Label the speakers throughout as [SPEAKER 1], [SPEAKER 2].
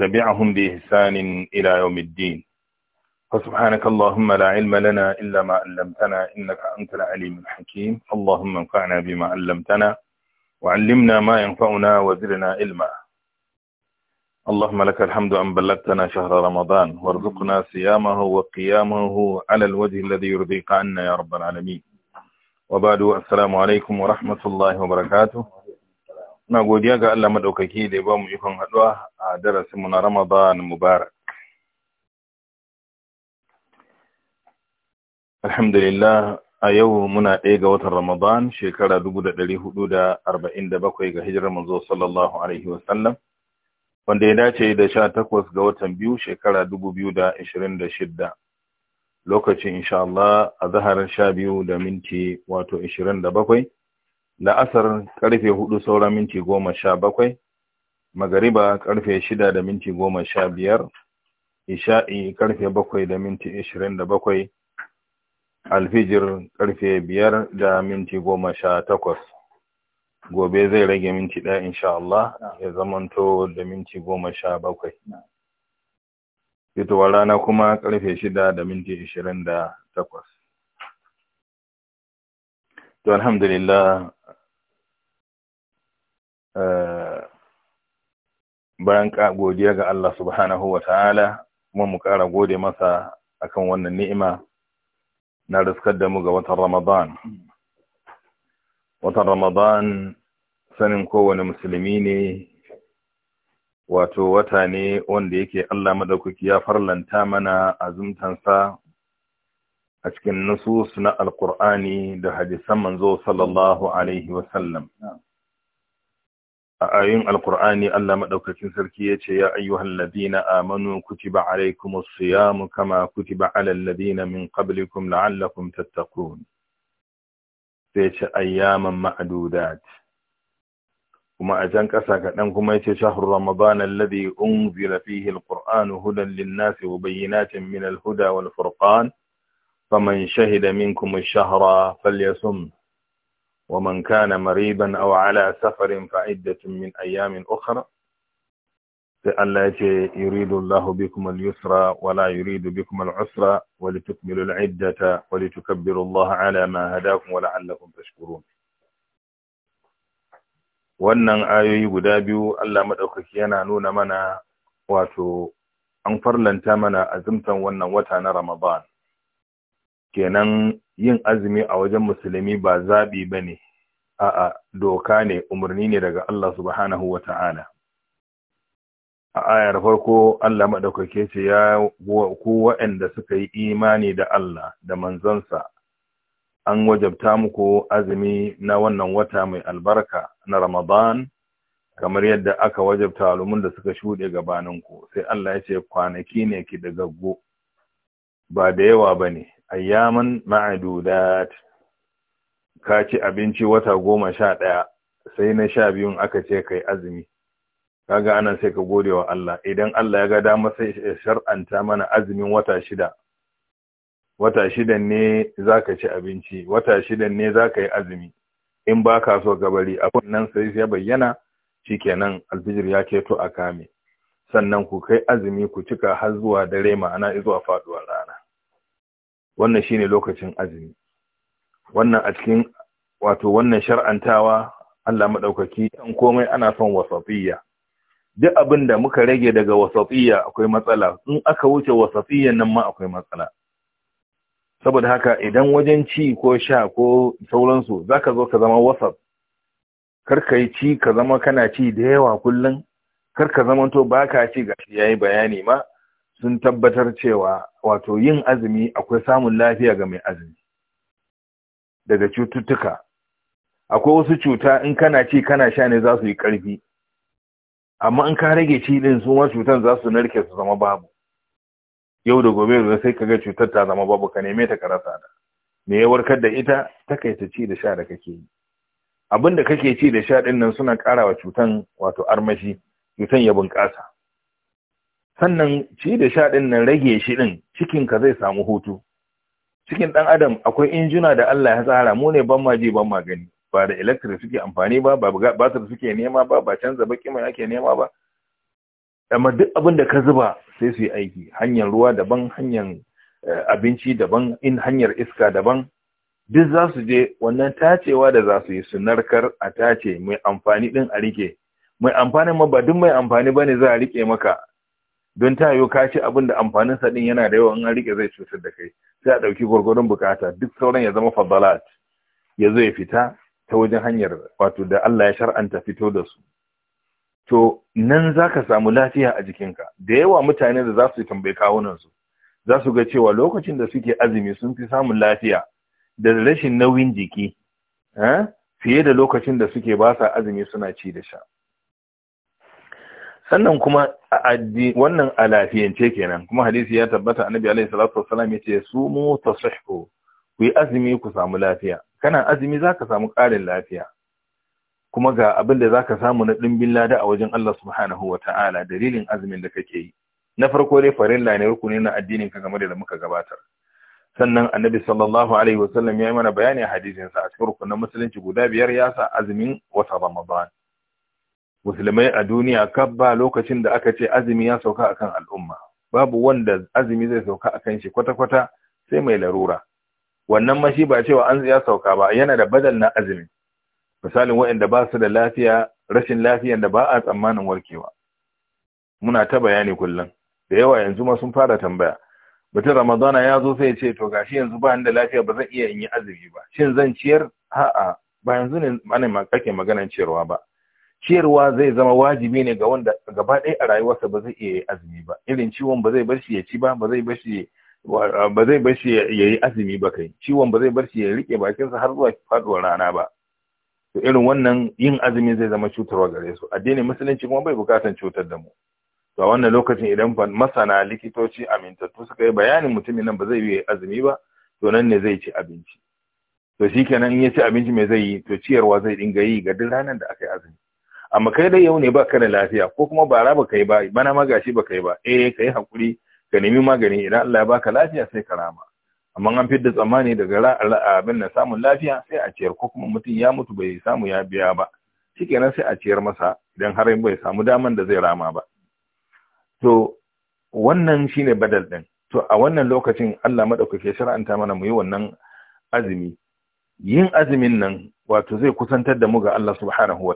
[SPEAKER 1] تبعهم بإحسان إلى يوم الدين فسبحانك اللهم لا علم لنا إلا ما علمتنا إنك أنت العليم الحكيم اللهم انفعنا بما علمتنا وعلمنا ما ينفعنا وزرنا علما اللهم لك الحمد أن بلغتنا شهر رمضان وارزقنا صيامه وقيامه على الوجه الذي يرضيك عنا يا رب العالمين وبعد السلام عليكم ورحمة الله وبركاته Ina godiya ga Allah maɗaukaki da ya ba mu ikon haɗuwa a darasinmu na Ramadan Mubarak. Alhamdulillah a yau muna ɗaya ga watan Ramadan shekara bakwai ga hijirar manzo sallallahu Alaihi wasallam, wanda ya dace da sha takwas ga watan biyu shekara shidda. lokacin insha Allah a zaharar sha biyu da minti wato bakwai. la'asar karfe hudu saura minti goma sha bakwai magariba karfe shida da minti goma sha biyar isha'i karfe bakwai da minti ishirin da bakwai alfijir karfe biyar da minti goma sha takwas gobe zai rage minti ɗaya insha Allah ya zamanto da minti goma sha bakwai fitowar rana kuma karfe shida da minti ishirin da takwas to alhamdulillah Eh, bayan godiya ga Allah subhanahu wa ta'ala kuma mu ƙara gode masa akan wannan ni'ima na riskar da mu ga watan Ramadan. Watan Ramadan sanin kowane musulmi ne wato wata ne wanda yake Allah madaukaki ya farlanta mana azumtansa a cikin nusus na Alƙur'ani da hadisan manzo sallallahu Alaihi wasallam. Yeah. a ayin alkur'ani Allah Maɗaukacin sarki ya ce ya ayyuhan ladina amanu kutiba alaikumus siyamu kama kutiba alal ladina min qablikum la'allakum tattaqun sai ce ayyaman ma'dudat kuma a jan ƙasa kaɗan kuma yace shahru ramadan alladhi unzila fihi alqur'anu hudan lin-nasi wa bayyinatin min al-huda wal furqan faman shahida minkum ash-shahra falyasum ومن كان مريضا أو على سفر فعدة من أيام أخرى التي يريد الله بكم اليسر ولا يريد بكم العسر ولتكملوا العدة ولتكبروا الله على ما هداكم ولعلكم تشكرون wannan ayoyi guda biyu Allah maɗaukaki yana nuna mana wato an farlanta mana azumtan wannan wata na Ramadan kenan yin azumi a wajen musulmi ba zaɓi ba ne a'a doka ne umarni ne daga Allah subhanahu wa ta'ala a ayar farko Allah maɗaukake ce ya ku waɗanda suka yi imani da Allah da manzansa an wajabta muku azumi na wannan wata mai albarka na Ramadan kamar yadda aka wajabta alumun da suka shuɗe gabaninku sai Allah ya ce kwanaki ne ki da gaggo. ba da yawa ba ne ayyaman ma'adudat ka ci abinci wata goma sha ɗaya sai na sha biyun aka ce kai azumi kaga anan sai ka gode wa Allah idan Allah ya ga dama sai ya shar'anta mana azumin wata shida wata shida ne zaka ci abinci wata shida ne zaka yi azumi in ba ka so gabari a nan sai ya bayyana shikenan alfijir ya keto a kame sannan ku kai azumi ku cika har zuwa dare ma'ana zuwa faduwar rana wannan shine lokacin azumi wannan a cikin wato wannan shar'antawa Allah madaukaki an komai ana son wasafiyya duk abin da muka rage daga wasafiyya akwai matsala in aka wuce wasafiyyan nan ma akwai matsala saboda haka idan wajen ci ko sha ko sauransu zaka zo ka zama wasaf karka yi ci ka zama kana ci da yawa kullum karka zama to baka ci gashi yayi bayani ma sun tabbatar cewa wato yin azumi akwai samun lafiya ga mai azumi daga cututtuka akwai wasu cuta in kana ci kana sha ne za su yi ƙarfi amma in ka rage ci din su ma cutan za su narke su zama babu yau da gobe da sai ga cutar ta zama babu ka neme ta karasa da me ya warkar da ita takaita ci da sha da kake yi abin da kake ci da sha din nan suna ƙara wa cutan wato armashi cutan ya bunƙasa sannan ci da sha ɗin nan rage shi ɗin ka zai samu hutu cikin ɗan adam akwai injuna da Allah ya tsara mu ne ban maji ban magani ba da electric suke amfani ba ba batir suke nema ba ba canza baki mai ake nema ba amma duk abin da ka zuba sai su yi aiki hanyar ruwa daban hanyar eh, abinci daban in hanyar iska daban duk za su je wannan tacewa da za su yi su narkar a tace mai amfani ɗin a rike mai amfanin ma ba duk mai amfani bane za a rike maka don ta yiwu ka abin da amfanin sa din yana da yawa an rike zai cutar da kai sai a ɗauki gwargwadon bukata duk sauran ya zama fadalat ya zo ya fita ta wajen hanyar wato da Allah ya shar'anta fito da su to nan zaka samu lafiya a jikinka da yawa mutane da za su tambaye kawunan su za su ga cewa lokacin da suke azumi sun fi samun lafiya da rashin nauyin jiki eh, fiye da lokacin da suke ba sa azumi suna ci da sha sannan kuma wannan a lafiyance kenan kuma hadisi ya tabbata annabi alaihi salatu wassalam yace mu tasihhu ku yi azumi ku samu lafiya kana azumi zaka samu karin lafiya kuma ga abin da zaka samu na dimbin lada a wajen Allah subhanahu wata'ala dalilin azumin da kake yi na farko dai farilla ne rukuni na addinin ka game da muka gabatar sannan annabi sallallahu alaihi wasallam ya yi mana bayani a hadisin sa a cikin rukunin musulunci guda biyar ya sa azumin wata ramadan musulmai a duniya kaf ba lokacin da aka ce azumi ya sauka akan al'umma babu wanda azumi zai sauka akan shi kwata-kwata sai mai larura wannan mashi ba cewa an ya sauka ba yana da badal na azumi misalin waɗanda ba su da lafiya rashin lafiyan da ba a tsammanin warkewa muna ta bayani kullum da yawa yanzu ma sun fara tambaya mutum ramadana ya zo sai ce to gashi yanzu ba da lafiya ba zan iya yin yi azumi ba shin zan ciyar a'a ba yanzu ne ana ake maganan ciyarwa ba ciyarwa zai zama wajibi ne ga wanda gaba ɗaya a rayuwarsa ba zai iya azumi ba irin ciwon ba zai bar shi ya ci ba ba zai bar shi ba zai bar shi ya yi azumi ba kai ciwon ba zai bar shi ya rike bakinsa har zuwa faduwar rana ba to irin wannan yin azumi zai zama cutarwa gare su addinin musulunci kuma bai bukatan cutar da mu to a wannan lokacin idan masana likitoci amintattu suka yi bayanin mutumin nan ba zai yi azumi ba to nan ne zai ci abinci to shikenan in ya ci abinci mai zai yi to ciyarwa zai dinga yi ga duk ranar da aka yi azumi amma kai dai yau ne baka da lafiya ko kuma bara ba kai ba bana ma gashi ba kai ba eh kai hakuri ka nemi magani idan Allah ya baka lafiya sai ka rama amma an fi da tsammani daga abin da samun lafiya sai a ciyar ko kuma mutum ya mutu bai samu ya biya ba shikenan sai a ciyar masa idan har bai samu daman da zai rama ba to wannan shine badal din to a wannan lokacin Allah madaukake shar'anta mana mu yi wannan azumi yin azumin nan wato zai kusantar da mu ga Allah subhanahu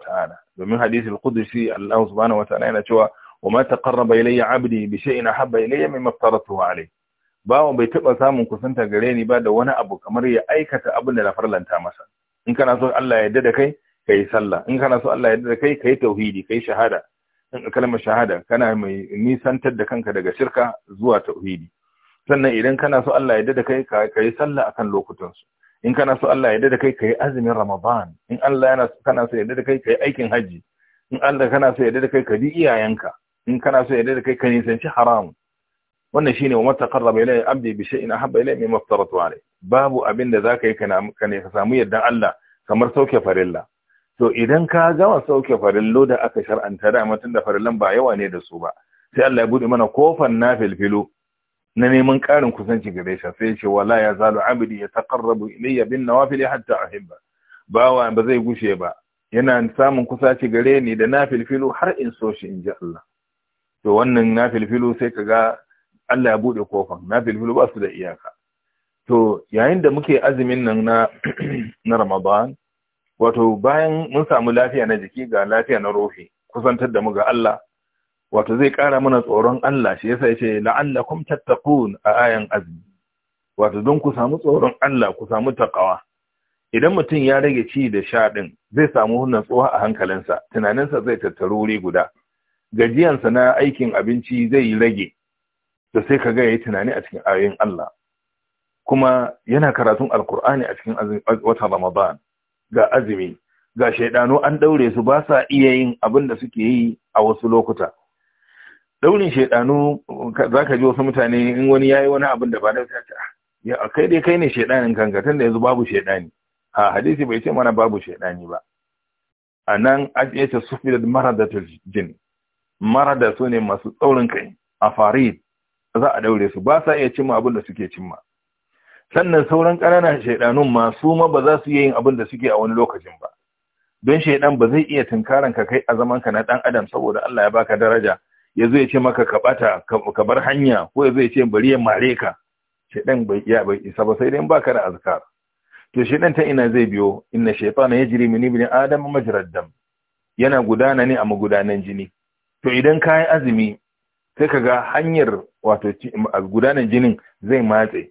[SPEAKER 1] domin hadisi al-qudsi Allah subhanahu wa yana cewa wa ma taqarraba ilayya 'abdi bi shay'in ahabba ilayya mimma aftaratuhu alayhi Bawa bai taba samun kusanta gare ni ba da wani abu kamar ya aikata abin da na farlanta masa in kana so Allah ya yarda da kai kai sallah in kana so Allah ya yarda da kai kai tauhidi kai shahada in kalmar shahada kana mai nisantar da kanka daga shirka zuwa tauhidi sannan idan kana so Allah ya yarda da kai kai sallah akan su. in kana so Allah ya yarda da kai yi azumin Ramadan in Allah kana so ya da kai aikin hajji. in Allah kana so ya yarda da kai ka bi iyayenka in kana so ya da kai ka nisanci haramun. wannan shine wa mataqarraba ilayya abdi bi shay'in ahabba ilayya mimma aftaratu alayhi babu abin da zaka yi kana ka samu yardan Allah kamar sauke farilla to idan ka gama sauke farillo da aka shar'anta da matan da farillan ba yawa ne da su ba sai Allah ya buɗe mana kofar filfilo na neman ƙarin kusanci gare shi sai ya ce wala ya zalu abidi ya taqarrabu ilayya bin nawafil hatta uhibba bawa ba zai gushe ba yana samun kusaci gare ni da nafilfilu har in so shi ji Allah to wannan nafilfilu sai kaga Allah ya bude kofar nafilfilu ba su da iyaka to yayin da muke azumin nan na na Ramadan wato bayan mun samu lafiya na jiki ga lafiya na ruhi kusantar da mu ga Allah wato zai ƙara mana tsoron Allah shi yasa yace la'allakum tattaqun a ayan azmi wato don ku samu tsoron Allah ku samu takawa idan mutum ya rage ci da sha din zai samu hunan tsowa a hankalinsa tunaninsa zai tattaru wuri guda gajiyansa na aikin abinci zai rage to sai kaga yayi tunani a cikin ayoyin Allah kuma yana karatun alkur'ani a cikin wata Ramadan ga azumi ga shaidanu an daure su ba sa iya yin abin da suke yi a wasu lokuta daurin za ka ji wasu mutane in wani ya yi wani abin da ba da ah, ya kai dai kai ne shaidanin kanka ya yanzu babu shaidani a hadisi bai ce mana babu shaidani ba A a ya ce da ta jini. jin marada su ne masu tsaurin kai a fari za a daure su ba sa iya cimma abin da suke cimma sannan sauran ƙananan shaidanun su ma ba za su yin abin da suke a wani lokacin ba don shaidan ba zai iya tunkaranka kai a zaman ka na ɗan adam saboda Allah ya baka daraja ya zo ya ce maka ka bata ka bar hanya ko ya zo ya ce bari ya mare ka Shaidan bai iya bai isa ba sai dai baka da azkar to dan ta ina zai biyo inna shaytana yajri min ibni adam majrad dam yana gudana ne a magudanan jini to idan ka azumi sai ka ga hanyar wato gudanan jinin zai matse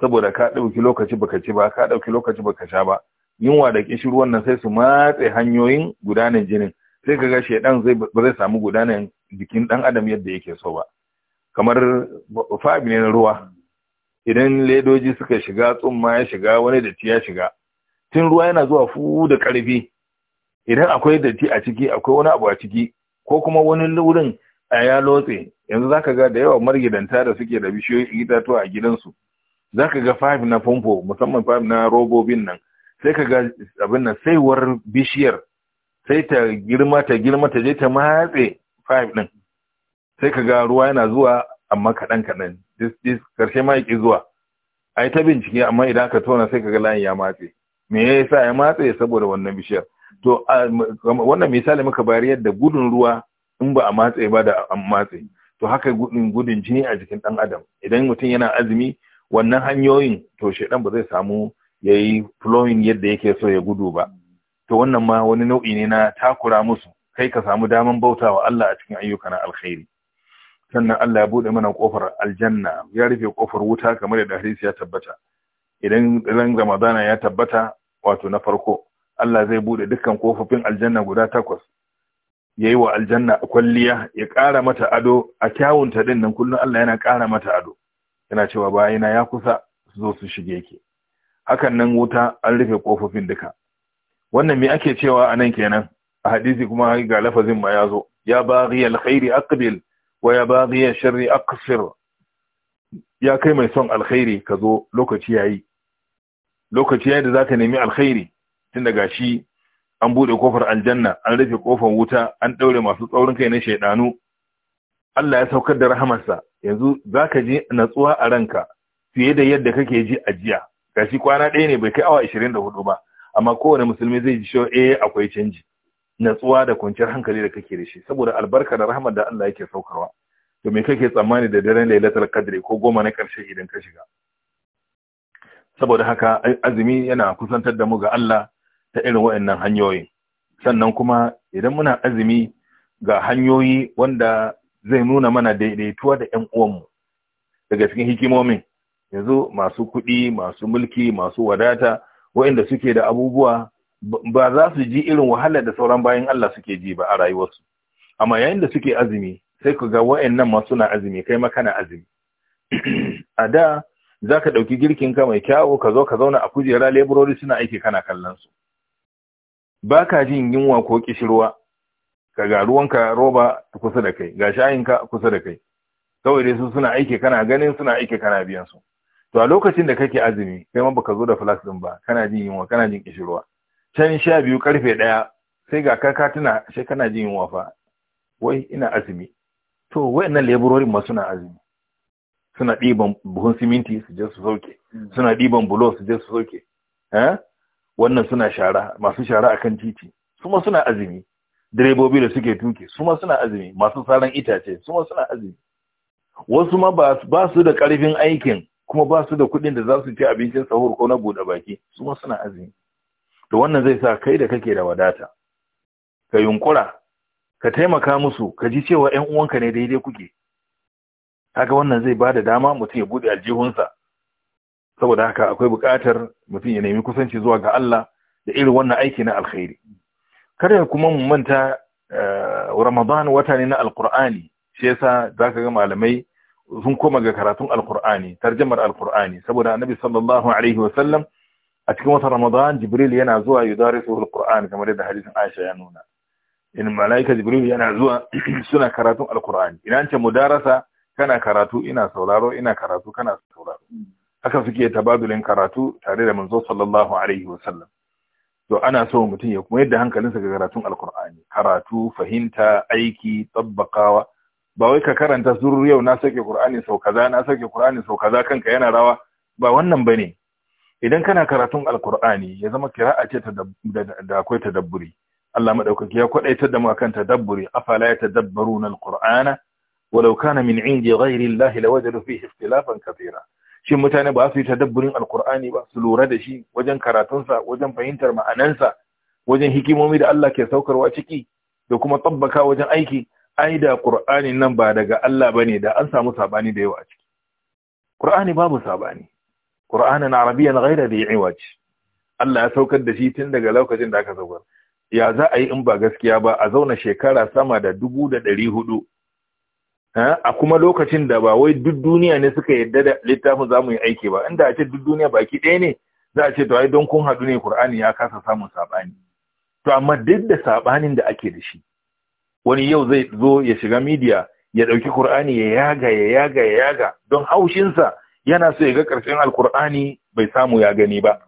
[SPEAKER 1] saboda ka ɗauki lokaci baka ci ba ka ɗauki lokaci baka sha ba yunwa da kishin ruwan nan sai su matse hanyoyin gudanan jinin sai ka ga zai ba zai samu gudanan jikin ɗan adam yadda yake so ba kamar fabi ne na ruwa idan ledoji suka shiga tsumma ya shiga wani datti ya shiga tun ruwa yana zuwa fu da ƙarfi idan akwai datti a ciki akwai wani abu a ciki ko kuma wani lurin a ya lotse yanzu zaka ga da yawa margidanta da suke da bishiyoyi itatuwa a gidansu zaka ga fabi na famfo musamman fabi na robobin nan sai ka ga abin nan saiwar bishiyar sai ta girma ta girma ta je ta matse 5 din sai ka ga ruwa yana zuwa amma kaɗan kaɗan karshe ma yake zuwa a yi ta bincike amma idan ka tona sai ka ga layin ya matse me ya sa ya matse saboda wannan bishiyar to wannan misali muka bayar yadda gudun ruwa in ba a matse ba da an matse to haka gudun gudun jini a jikin ɗan adam idan mutum yana azumi wannan hanyoyin to shaidan ba zai samu ya yi flowing yadda yake so ya gudu ba to wannan ma wani nau'i ne na takura musu kai ka samu daman bauta wa Allah a cikin ayyuka na alkhairi sannan Allah ya bude mana kofar aljanna ya rufe kofar wuta kamar da hadisi ya tabbata idan ran ramadana ya tabbata wato na farko Allah zai bude dukkan kofofin aljanna guda takwas yayi wa aljanna kwalliya ya kara mata ado a kyawunta din nan kullun Allah yana kara mata ado yana cewa bayina ya kusa su zo su shige ki hakan nan wuta an rufe kofofin duka wannan me ake cewa anan kenan a hadisi kuma ga lafazin ma ya zo ya baghi alkhairi aqbil wa ya baghi sharri aqsir ya kai mai son alkhairi ka zo lokaci yayi lokaci yayi da zaka nemi alkhairi tun daga shi an bude kofar aljanna an rufe kofar wuta an daure masu tsaurin kai na shaidanu Allah ya saukar da rahamarsa yanzu zaka je natsuwa a ranka fiye da yadda kake ji a jiya gashi kwana ɗaya ne bai kai awa 24 ba amma kowane musulmi zai ji cewa eh akwai canji natsuwa da kwanciyar hankali da kake da shi saboda albarka da rahama da Allah yake saukarwa to me kake tsammani da daren lailatul qadri ko goma na karshe idan ka shiga saboda haka azumi yana kusantar da mu ga Allah ta irin waɗannan hanyoyi sannan kuma idan muna azumi ga hanyoyi wanda zai nuna mana daidaituwa da ƴan uwanmu daga cikin hikimomin yanzu masu kuɗi masu mulki masu wadata waɗanda suke da abubuwa ba za su ji irin wahalar da sauran bayan Allah suke ji ba a rayuwarsu amma yayin da suke azumi sai ku ga wayannan masu suna azumi kai ma azumi a da za ka ɗauki girkin ka mai kyawo, ka zo ka zauna a kujera leburori suna aiki kana kallon su ba ka jin yunwa ko kishirwa ka ga ruwanka roba kusa da kai ga shayinka kusa da kai kawai dai su suna aiki kana ganin suna aiki kana biyan su to a lokacin da kake azumi kai ma baka zo da flask ɗin ba kana jin yunwa kana jin kishirwa can sha biyu karfe ɗaya sai ga ka tuna sai kana jin yunwa fa wai ina azumi to wayannan leburorin ma suna azumi suna ɗiban buhun siminti su je su sauke mm. suna ɗiban bulo su je su sauke eh? wannan suna shara masu shara akan titi su ma suna azumi direbobi da suke tuki su ma suna azumi masu saran itace su ma suna azumi wasu ma ba su da ƙarfin aikin kuma ba su da kuɗin da za su ci abincin sahur ko na buɗe baki su ma suna azumi to wannan zai sa kai da kake da wadata ka yunkura ka taimaka musu ka ji cewa ƴan uwanka ne daidai kuke haka wannan zai bada dama mutum ya bude aljihunsa saboda haka akwai buƙatar mutum ya nemi kusanci zuwa ga Allah da irin wannan aiki na alkhairi kada kuma mu manta eh, Ramadan wata ne na Alƙur'ani shi yasa zaka ga malamai sun koma ga karatun Alƙur'ani tarjumar Alƙur'ani saboda Annabi sallallahu alaihi wasallam a cikin watan ramadan jibril yana zuwa yudarisu alquran kamar yadda hadisin aisha ya nuna in malaika jibril yana zuwa suna karatun alquran idan ce mudarasa kana karatu ina sauraro ina karatu kana sauraro haka suke tabadulin karatu tare da manzo sallallahu alaihi wasallam to ana so mutum ya kuma yadda hankalinsa ga karatun alkur'ani karatu fahimta aiki tabbakawa. ba wai ka karanta surur na sauke qur'ani sau kaza na sauke qur'ani sau kaza kanka yana rawa ba wannan bane idan kana karatun alkur'ani ya zama kira a ce da akwai tadabburi Allah maɗaukaki ya kwadaitar da mu akan tadabburi afala yatadabbaruna alqur'ana walau kana min indi ghairi Allah wajen fihi ikhtilafan kathira shin mutane ba su yi tadabburin alkur'ani ba su lura da shi wajen karatunsa wajen fahimtar ma'anansa wajen hikimomi da Allah ke saukarwa ciki da kuma tabbaka wajen aiki ai da qur'anin nan ba daga Allah bane da an samu sabani da yawa a ciki qur'ani babu sabani Qur'anan Arabiyyan da dhi iwaj Allah ya saukar da shi tun daga lokacin da aka saukar ya za a yi in ba gaskiya ba a zauna shekara sama da dubu da ɗari hudu a kuma lokacin da ba wai duk duniya ne suka yarda da littafin za mu yi aiki ba inda a ce duk duniya baki ɗaya ne za a ce to ai don kun haɗu ne Kur'ani ya kasa samun saɓani to amma duk da saɓanin da ake da shi wani yau zai zo ya shiga midiya ya ɗauki Kur'ani ya yaga ya yaga ya yaga don haushinsa yana so ya ga ƙarshen alkur'ani bai samu ya gani ba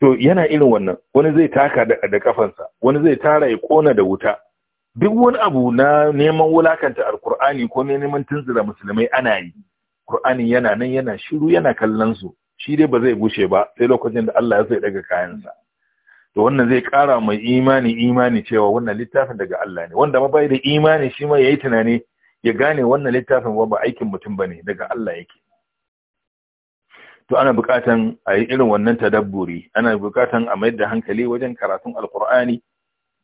[SPEAKER 1] to yana irin wannan wani zai taka da kafansa wani zai tara ya kona da wuta duk wani abu na neman wulakanta alkur'ani ko neman tunzura musulmai ana yi ƙur'ani yana nan yana shiru yana kallon su shi dai ba zai gushe ba sai lokacin da Allah ya sai daga kayansa to wannan zai kara mai imani imani cewa wannan littafin daga Allah ne wanda ma bai da imani shi ma yayi tunani ya gane wannan littafin ba ba aikin mutum bane daga Allah yake to ana buƙatan a yi irin wannan tadabburi ana buƙatan a mayar da hankali wajen karatun alkur'ani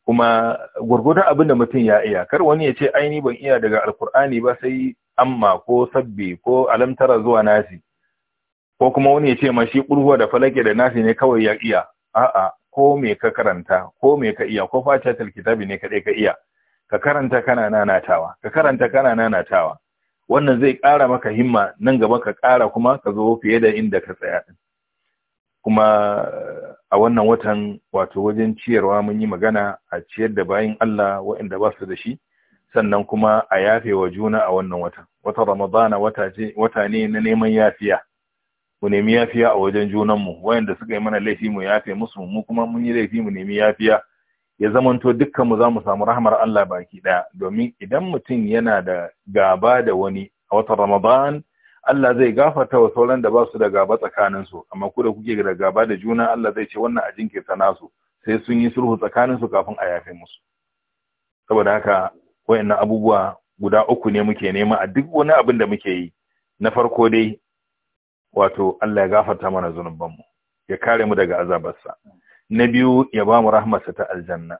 [SPEAKER 1] kuma gwargwadon abin da mutum ya iya kar wani ya ce aini ban iya daga alkur'ani ba sai amma ko sabbi ko alamtara zuwa nasi ko kuma wani ya ce ma shi ƙurwa da falake da nasi ne kawai ya iya a'a ko me ka karanta ko me ka iya ko fatatul kitabi ne kadai ka iya ka karanta kana nanatawa ka karanta kana nanatawa wannan zai ƙara maka himma nan gaba ka ƙara kuma ka zo fiye da inda ka tsaya kuma a wannan watan wato wajen ciyarwa mun yi magana a ciyar da bayin Allah waɗanda ba su da shi sannan kuma a yafe wa juna a wannan watan wata ramadana wata ne na neman yafiya mu nemi yafiya a wajen junanmu wayanda suka yi mana laifi mu yafe musu mu kuma mun yi laifi mu nemi yafiya ya zamanto mu za mu samu rahmar Allah baki ɗaya domin idan mutum yana da gaba da wani a watan Ramadan Allah zai gafarta wa sauran da ba su da gaba tsakaninsu amma ku da kuke da gaba da juna Allah zai ce wannan a jinkirta nasu sai sun yi sulhu tsakanin su kafin a yafe musu saboda haka wayannan abubuwa guda uku ne muke nema a duk wani abin da muke yi na farko dai wato Allah ya gafarta mana zanubanmu ya kare mu daga azabarsa na biyu ya ba mu rahmarsa ta aljanna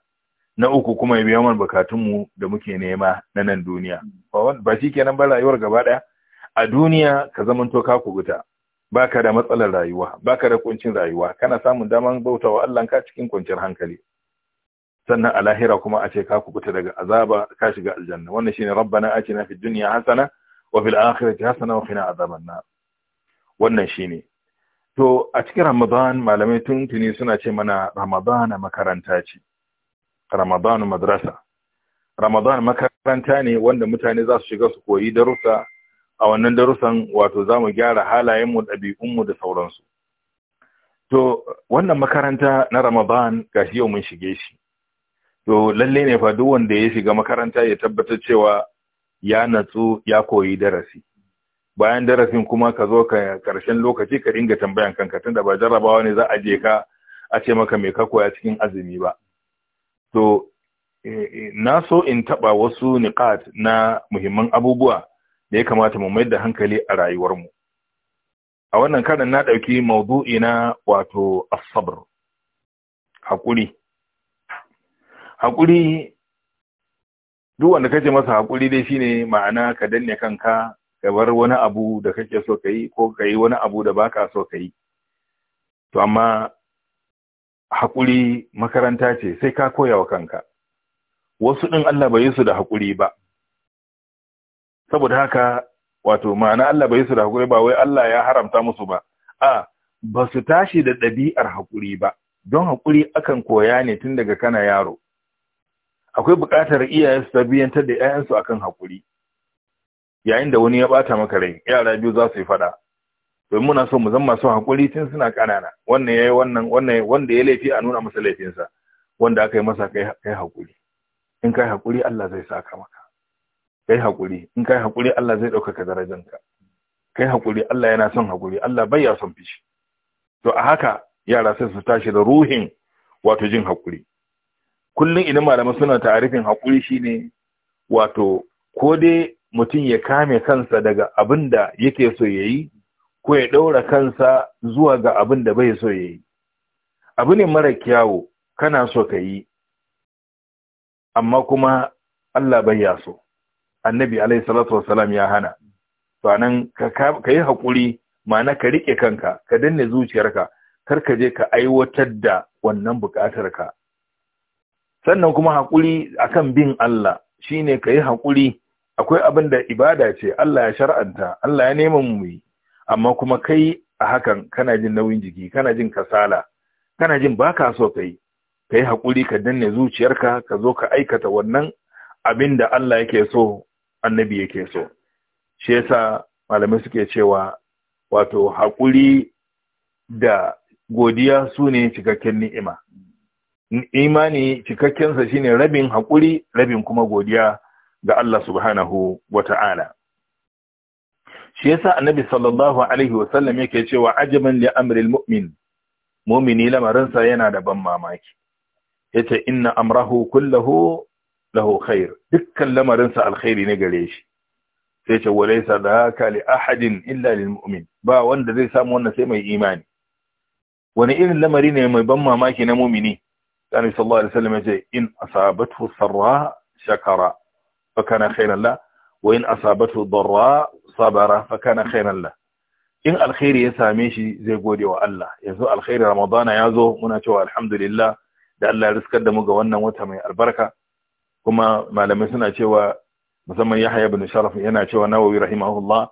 [SPEAKER 1] na uku kuma ya biya mana bukatunmu da muke nema na nan duniya ba shi kenan ba rayuwar gaba daya a duniya ka zamanto ka kuguta baka da matsalar rayuwa baka da kuncin rayuwa kana samun daman bautawa Allah ka cikin kwanciyar hankali sannan a lahira kuma a ce ka kuguta daga azaba ka shiga aljanna wannan shine rabbana atina fid dunya hasana wa fil akhirati hasana wa qina azaban nar wannan shine to a cikin ramadan malamai tuntuni suna ce mana ramadan makaranta ce ramadan madrasa ramadan makaranta ne wanda mutane za su shiga su koyi darussa a wannan darussan wato za mu gyara halayenmu ɗabi'unmu da sauransu to wannan makaranta na ramadan ga shi yau mun shige shi to lalle ne fa duk wanda ya shiga makaranta ya tabbatar cewa ya natsu ya koyi darasi bayan darasin kuma ka zo ka karshen lokaci ka dinga tambayan kanka tunda ba jarrabawa ne za a je ka a ce maka me ka koya cikin azumi ba to eh, eh, na so in taba wasu niqat na muhimman abubuwa da ya kamata mu mai da hankali a rayuwarmu a wannan karan na ɗauki maudu'i na wato as-sabr hakuri hakuri duk wanda kace masa hakuri dai shine ma'ana ka danne kanka ka bar wani abu da kake so ka yi ko ka yi wani abu da ba ka so ka yi to amma haƙuri makaranta ce sai ka koya wa kanka wasu ɗin Allah bai yi su da haƙuri ba saboda haka wato ma'ana Allah bai yi su da haƙuri ba wai Allah ya haramta musu ba a ba su tashi da ɗabi'ar haƙuri ba don haƙuri akan koya ne tun daga kana yaro akwai buƙatar iyaye su tarbiyyantar da 'ya'yansu akan haƙuri yayin da wani ya bata maka rai yara biyu za su yi fada domin muna so mu zama masu hakuri tun suna kanana wannan yayi wannan wannan wanda ya laifi a nuna masa laifinsa wanda aka yi masa kai kai hakuri in kai hakuri Allah zai saka maka kai hakuri in kai hakuri Allah zai ɗaukaka darajanka kai hakuri Allah yana son hakuri Allah bai ya son fishi to a haka yara sai su tashi da ruhin wato jin hakuri kullum idan malama suna tarifin hakuri shine wato ko dai mutum ya kame kansa daga abin da yake so ya yi ko ya ɗaura kansa zuwa ga abin da bai so ya yi abu ne mara kyawo kana so ka yi amma kuma Allah bai ya so annabi alaihi salatu wasalam ya hana to anan ka yi haƙuri ma'ana ka riƙe kanka ka danne zuciyarka kar ka je ka aiwatar da wannan buƙatarka. sannan kuma haƙuri akan bin Allah shine ka yi haƙuri akwai abin da ibada ce Allah ya shar'anta Allah ya neman mu yi amma kuma kai a hakan kana jin nauyin jiki kana jin kasala kana jin baka so kai kai hakuri ka danne zuciyarka ka zo ka aikata wannan abin da Allah yake so annabi yake so shi yasa malamai suke cewa wato hakuri da godiya su ne cikakken ni'ima imani cikakkensa shine rabin hakuri rabin kuma godiya ga Allah subhanahu wa ta'ala. Shi yasa annabi sallallahu Alaihi wasallam yake cewa ajiban li amril mu'min, mumini lamarinsa yana da ban mamaki. Yace inna amrahu kullahu lahu khair, dukkan lamarinsa alkhairi ne gare shi. Sai ce wa laysa dhaka li ahadin illa lil mu'min. Ba wanda zai samu wannan sai mai imani. Wani irin lamari ne mai ban mamaki na mumini? Annabi sallallahu alaihi wasallam yace in asabatu sarra shakara fakana khairan la wa in asabatu darra sabara fakana khairan la in alkhairi ya same shi zai gode wa Allah yanzu alkhairi ramadana ya zo muna cewa alhamdulillah da Allah ya riskar da mu ga wannan wata mai albarka kuma malamai suna cewa musamman Yahya ibn Sharaf yana cewa Nawawi rahimahullah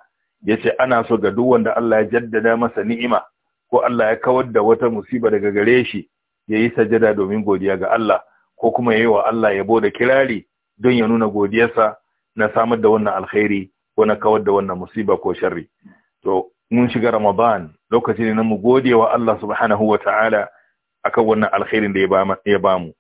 [SPEAKER 1] yace ana so ga duk wanda Allah ya jaddada masa ni'ima ko Allah ya kawar da wata musiba daga gare shi yayi sajada domin godiya ga Allah ko kuma yayi wa Allah yabo da kirari don ya nuna godiyarsa na samar da wannan alkhairi ko na kawar da wannan musiba ko sharri to mun shiga ramadan lokaci ne na mu gode wa Allah subhanahu wa ta'ala akan wannan alkhairin da ya bamu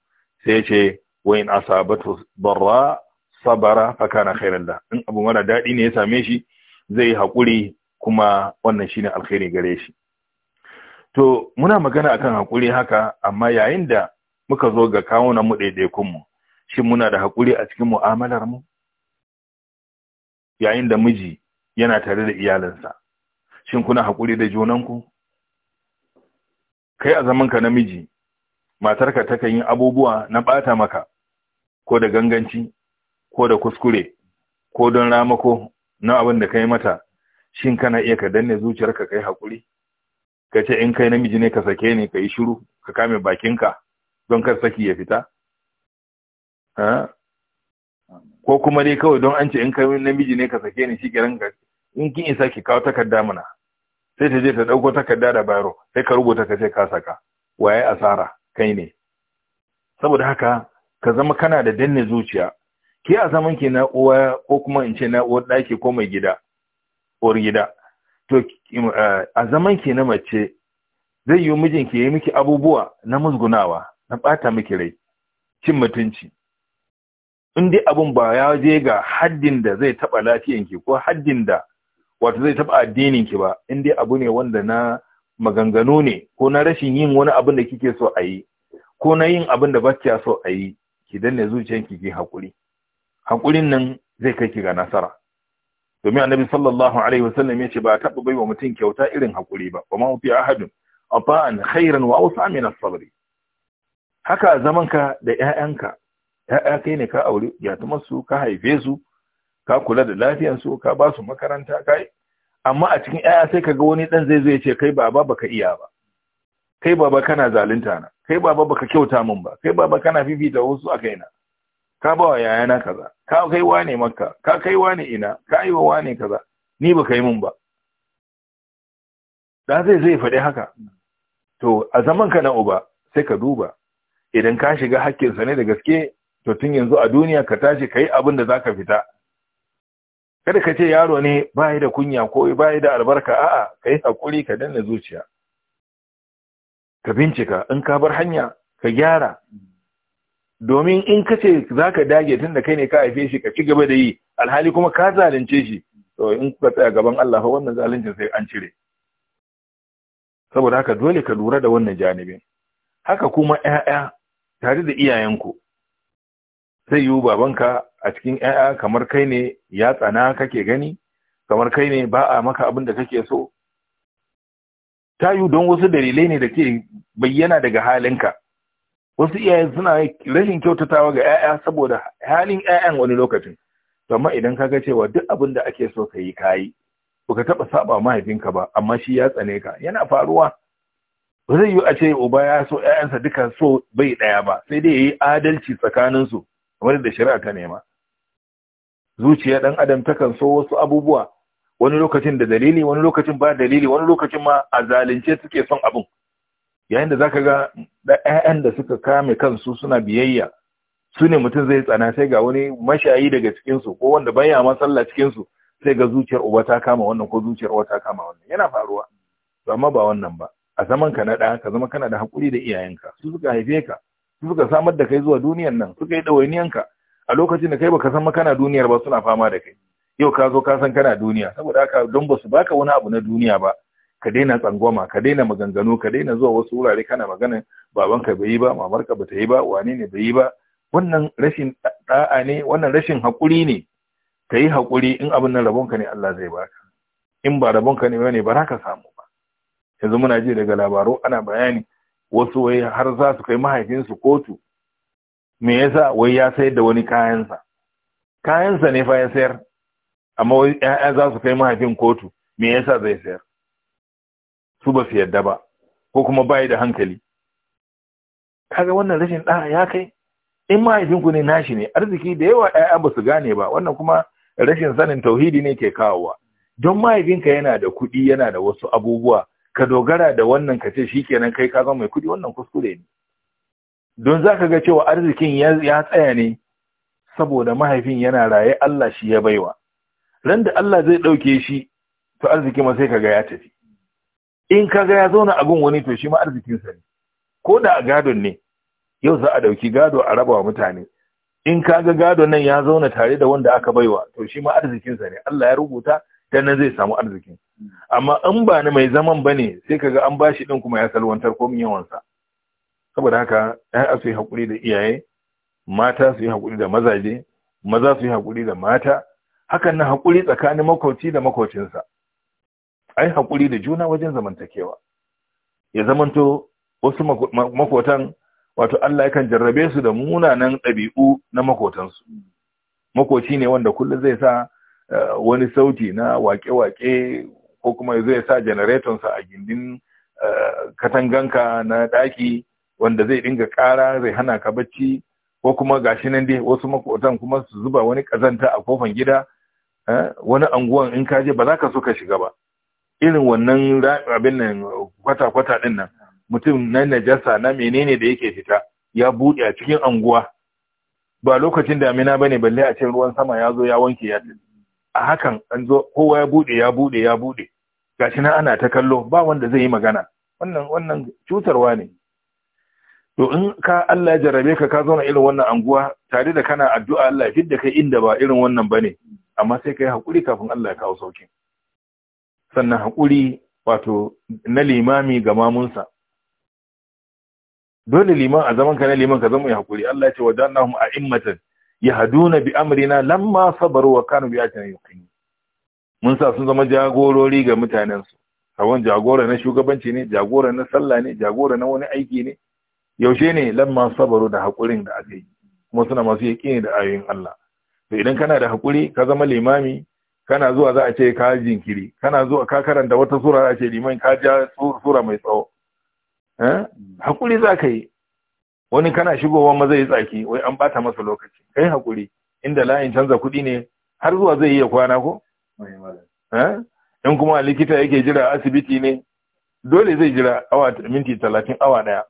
[SPEAKER 1] sai ya ce wa in asabatu barra sabara fa kana khairan la in abu mara daɗi ne ya same shi zai yi hakuri kuma wannan shine alkhairi gare shi to muna magana akan hakuri haka amma yayin da muka zo ga kawunan mu daidaikun mu shin muna da haƙuri a cikin mu'amalar mu yayin da miji yana tare da iyalansa shin kuna haƙuri da junanku kai a zamanka namiji matarka takan yi abubuwa na ɓata maka ko da ganganci ko da kuskure ko don ramako na abin da kai mata shin kana iya ka danne zuciyarka kai haƙuri ka ce in kai namiji ne ka sake ni ka yi shiru ka kame bakinka don kar saki ya fita ko kuma dai kawai don an ce in kai namiji ne ka sake ni shi kiran ka in kin isa ki kawo takarda mana sai ta je ta ɗauko takarda da bayro sai ka rubuta ka ce ka saka waye asara kai ne saboda haka ka zama kana da danne zuciya ke a zaman ki na uwa ko kuma in ce na uwa daki ko mai gida uwar gida to eh, a zaman ki na mace zai yi mijinki ya yi miki abubuwa na musgunawa na bata miki rai cin mutunci in dai abun ba ya je ga haddin da zai taba lafiyan ki ko haddin da wato zai taba addinin ki ba in dai abu ne wanda na maganganu ne ko na rashin yin wani abin da kike so a yi ko na yin abin da bakia so a yi ki danne zuciyarki ki hakuri hakurin nan zai kai ki ga nasara domin annabi sallallahu alaihi wasallam ya ce ba taɓa baiwa mutum kyauta irin haƙuri ba wa man fi ahadun afa'an khairan wa awsa min as-sabr haka zamanka da ƴaƴanka ya'ya kai ne ka aure su, ka haife su ka kula da lafiyansu ka ba su makaranta kai amma a cikin ya'ya sai ka ga wani ɗan zai zo ya ce kai baba baka iya ba kai baba kana zalunta na kai baba baka kyauta min ba kai baba kana fifita wasu a kaina ka ba wa yayana kaza ka kai wane makka ka kai wane ina ka yi wa wane kaza ni baka yi min ba da zai zai faɗi haka to a zaman ka na uba sai ka duba idan ka shiga hakkinsa ne da gaske to tun yanzu a duniya ka tashi ka yi abin da za ka fita kada ka ce yaro ne bayi da kunya ko bayi da albarka a'a ka yi haƙuri ka danna zuciya ka bincika in ka bar hanya ka gyara domin in ka ce za ka dage tun da kai ne ka haife shi ka ci gaba da yi alhali kuma ka zalunce shi to in ka tsaya gaban Allah wannan zaluncin sai an cire saboda haka dole ka lura da wannan janibin haka kuma ƴaƴa tare da iyayenku zai yiwu babanka a cikin 'ya'ya kamar kai ne ya tsana kake gani kamar kai ne ba a maka abin da kake so ta yiwu don wasu dalilai ne da ke bayyana daga halinka wasu iyayen suna rashin kyautatawa ga 'ya'ya saboda halin 'ya'yan wani lokacin amma idan kaga cewa duk abin da ake so ka yi kayi baka taɓa saɓa mahaifinka ba amma shi ya tsane ka yana faruwa ba zai yiwu a ce uba ya so 'ya'yansa duka so bai ɗaya ba sai dai ya yi adalci tsakaninsu kamar da shari'a ta nema zuciya dan adam takan so wasu abubuwa wani lokacin da dalili wani lokacin ba dalili wani lokacin ma a zalunce suke son abun yayin da zaka ga ɗayan da suka kame kansu suna biyayya su ne mutum zai tsana sai ga wani mashayi daga cikin su ko wanda baya ma sallah cikin su sai ga zuciyar uba ta kama wannan ko zuciyar uba ta kama wannan yana faruwa amma ba wannan ba a zaman ka na ɗa ka zama kana da hakuri da iyayenka su suka haife ka suka samar da kai zuwa duniyar nan suka yi ɗawainiyanka a lokacin da kai baka san kana duniyar ba suna fama da kai yau ka zo ka san kana duniya saboda haka don ba su baka wani abu na duniya ba ka daina tsangwama ka daina maganganu ka daina zuwa wasu wurare kana magana babanka bai yi ba mamarka bata yi ba wane ne bai yi ba wannan rashin da'a ne wannan rashin haƙuri ne ka yi haƙuri in abin nan rabonka ne Allah zai baka in ba rabonka ne ba ne ba za ka samu ba yanzu muna ji daga labaru ana bayani wasu wai har za su kai mahaifinsu kotu me yasa wai ya sayar da wani kayansa kayansa ne fa ya sayar amma wai za su kai mahaifin kotu me yasa zai sayar su ba su yadda ba ko kuma bayi da hankali kaga wannan rashin ɗa ya kai in mahaifinku ne nashi ne arziki da yawa yaya ba su gane ba wannan kuma rashin sanin tauhidi ne ke kawowa don mahaifinka yana da kuɗi yana da wasu abubuwa ka dogara da wannan ka ce shi shikenan kai ka zama mai kudi wannan kuskure ne don zaka ga cewa arzikin ya tsaya ne saboda mahaifin yana raye Allah shi ya baiwa ran da Allah zai dauke shi to arziki ma sai kaga ya tafi in kaga ya zauna a gun wani to shi ma arzikin sa ne ko da a gadon ne yau za a dauki gado a raba wa mutane in kaga gado nan ya zauna tare da wanda aka baiwa to shi ma arzikin sa ne Allah ya rubuta dan nan zai samu arzikin amma in ba ni mai zaman ba ne sai kaga an ba shi ɗin kuma ya salwantar ko yawansa saboda haka ya'ya su yi haƙuri da iyaye mata su yi haƙuri da mazaje maza su yi haƙuri da mata hakan na haƙuri tsakanin makwauci da makwaucinsa ai haƙuri da juna wajen zamantakewa ya zamanto wasu makotan wato Allah yakan jarrabe su da munanan ɗabi'u na makotansu makoci ne wanda kullum zai sa eh, wani sauti na wake-wake ko kuma zai sa janareton sa a gindin eh, katanganka na daki, wanda zai dinga kara zai hana ka bacci ko kuma gashi nan dai wasu makotan kuma su zuba wani kazanta a kofan gida eh, wani anguwan in ka je ba za ka so ka shiga ba irin wannan abin nan kwata-kwata din nan mutum na najasa na menene da yake fita ya buɗe a cikin anguwa ba lokacin damina bane balle a cikin ruwan sama ya zo ya wanke ya tafi a hakan an zo kowa ya bude ya bude ya bude gashi nan ana ta kallo ba wanda zai yi magana wannan wannan cutarwa ne to in ka Allah ya jarabe ka ka zauna irin wannan anguwa tare da kana addu'a Allah ya fidda kai inda ba irin wannan bane amma sai kai hakuri kafin Allah ya kawo sauki sannan hakuri wato na limami ga mamunsa dole liman a zaman ka na liman ka zama ya hakuri Allah ya ce wajannahum a'immatan yahduna bi amrina lamma sabaru wa kanu bi ajrin yuqin mun sa sun zama jagorori ga mutanen su kawan jagora na shugabanci ne jagora na sallah ne jagora na wani aiki ne yaushe ne lamma sabaru da hakurin da aka yi kuma suna masu yaqini da ayoyin Allah to idan kana da hakuri ka zama limami kana zuwa za a ce ka jinkiri kana zuwa ka karanta wata sura a ce liman ka ja sura mai tsawo eh? hakuri za ka yi wani kana shigowa ma zai tsaki wai an bata masa lokaci kai hakuri inda layin canza kuɗi ne har zuwa zai iya kwana ko eh? in kuma likita yake jira asibiti ne dole zai jira awa minti talatin awa daya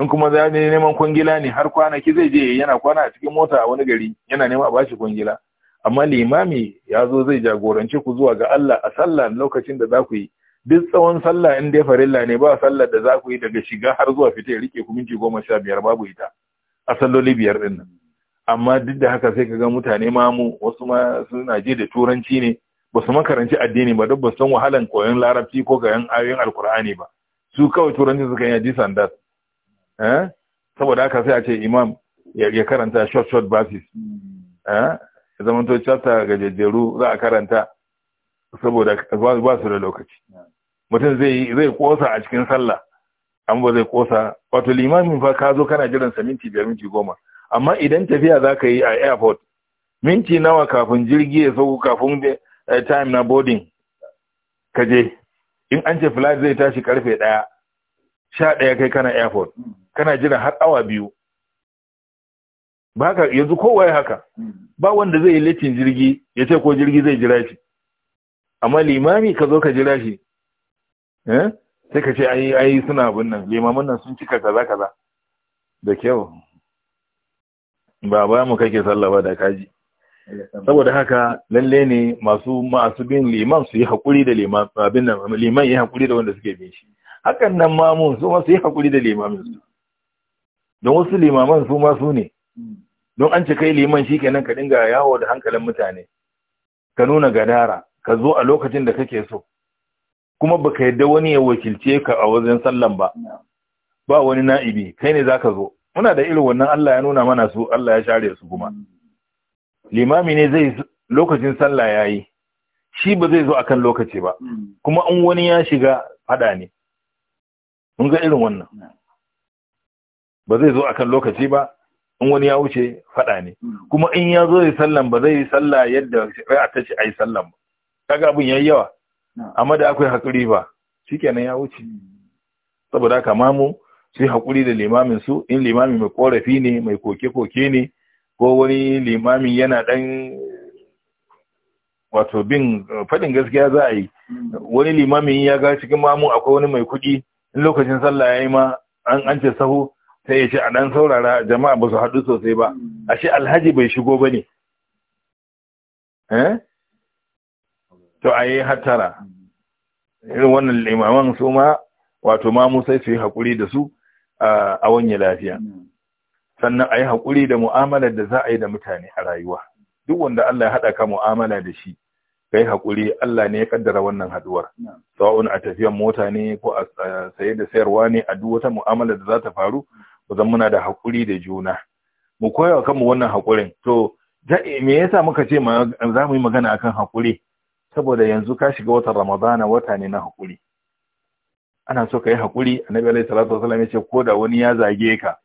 [SPEAKER 1] in kuma za ne neman kwangila ne har kwanaki zai je yana kwana a cikin mota a wani gari yana neman a bashi kwangila amma limami ya zo zai jagorance ku zuwa ga Allah a sallah lokacin da za ku yi duk tsawon sallah in dai farilla ne ba sallah da za ku yi daga shiga har zuwa fita ya rike ku minti goma sha biyar babu ita a salloli biyar din nan amma duk da haka sai ka ga mutane ma mu wasu ma suna je da turanci ne ba su makaranci addini ba duk ba san wahalan koyon larabci ko ga 'yan ayoyin alkur'ani ba su kawai turanci suka yi hadisan da eh? saboda haka sai a ce imam ya karanta short short basis, eh ya zama to chapter za a karanta saboda ba su da lokaci mutum zai zai kosa a cikin sallah an ba zai kosa wato limamin fa ka zo kana jiran sa minti biyar minti goma amma idan tafiya za ka yi a airport minti nawa kafin jirgi ya sauko kafin eh, time na boarding ka je in an ce flight zai tashi karfe ɗaya sha ɗaya kai kana airport kana jiran har awa biyu baka yanzu kowa ya haka ba wanda zai yi latin jirgi ya ce ko jirgi zai jira shi amma limami ka zo ka jira shi Eh? sai ka ce ai ai suna abin nan limamin nan sun cika kaza kaza da kyau ba ba mu kake sallah ba da kaji saboda haka lalle ne masu masu bin liman su yi hakuri da liman abin nan liman yi hakuri da wanda suke bin shi hakan nan mun su ma su yi hakuri da limamin su don wasu limaman su ma su ne don an ci kai liman shi kenan ka dinga yawo da hankalin mutane ka nuna gadara ka zo a lokacin da kake so kuma baka yadda wani ya wakilce ka a wajen sallan ba ba wani na'ibi kai ne zaka zo muna da irin wannan Allah ya nuna mana su Allah ya share su kuma limami ne zai lokacin sallah yayi shi ba zai zo akan lokaci ba kuma in wani ya shiga fada ne mun ga irin wannan ba zai zo akan lokaci ba in wani ya wuce fada ne kuma in ya zo yi sallan ba zai yi sallah yadda shari'a ta ce ai sallan ba kaga abin yayi yawa amma da akwai haƙuri ba shi kenan ya wuce saboda haka mamu sai hakuri da limamin su in limamin mai korafi ne mai koke-koke ne ko wani limamin yana ɗan wato bin eh, faɗin gaskiya za a yi wani limamin ya ga cikin mamu akwai wani mai kuɗi in lokacin sallah ya yi ma an an ce sahu sai ya ce a ɗan saurara jama'a ba su haɗu sosai ba ashe alhaji bai shigo ba ne eh? to a yi hatara irin wannan limaman su ma wato mamu sai su yi haƙuri da su a wanye lafiya sannan a yi haƙuri da mu'amala da za a yi da mutane a rayuwa duk wanda Allah ya haɗa ka mu'amala da shi ka yi haƙuri Allah ne ya ƙaddara wannan haɗuwar sawa'un a tafiyan mota ne ko a saye da sayarwa ne a duk wata mu'amala da za ta faru ku zan muna da haƙuri da juna mu koya wa kanmu wannan haƙurin to me yasa muka ce za mu yi magana akan haƙuri saboda yanzu ka shiga watan ramadana wata ne na hakuri. ana so ka yi haƙuri a na salatu wasallam ya ce ko da wani ya zage ka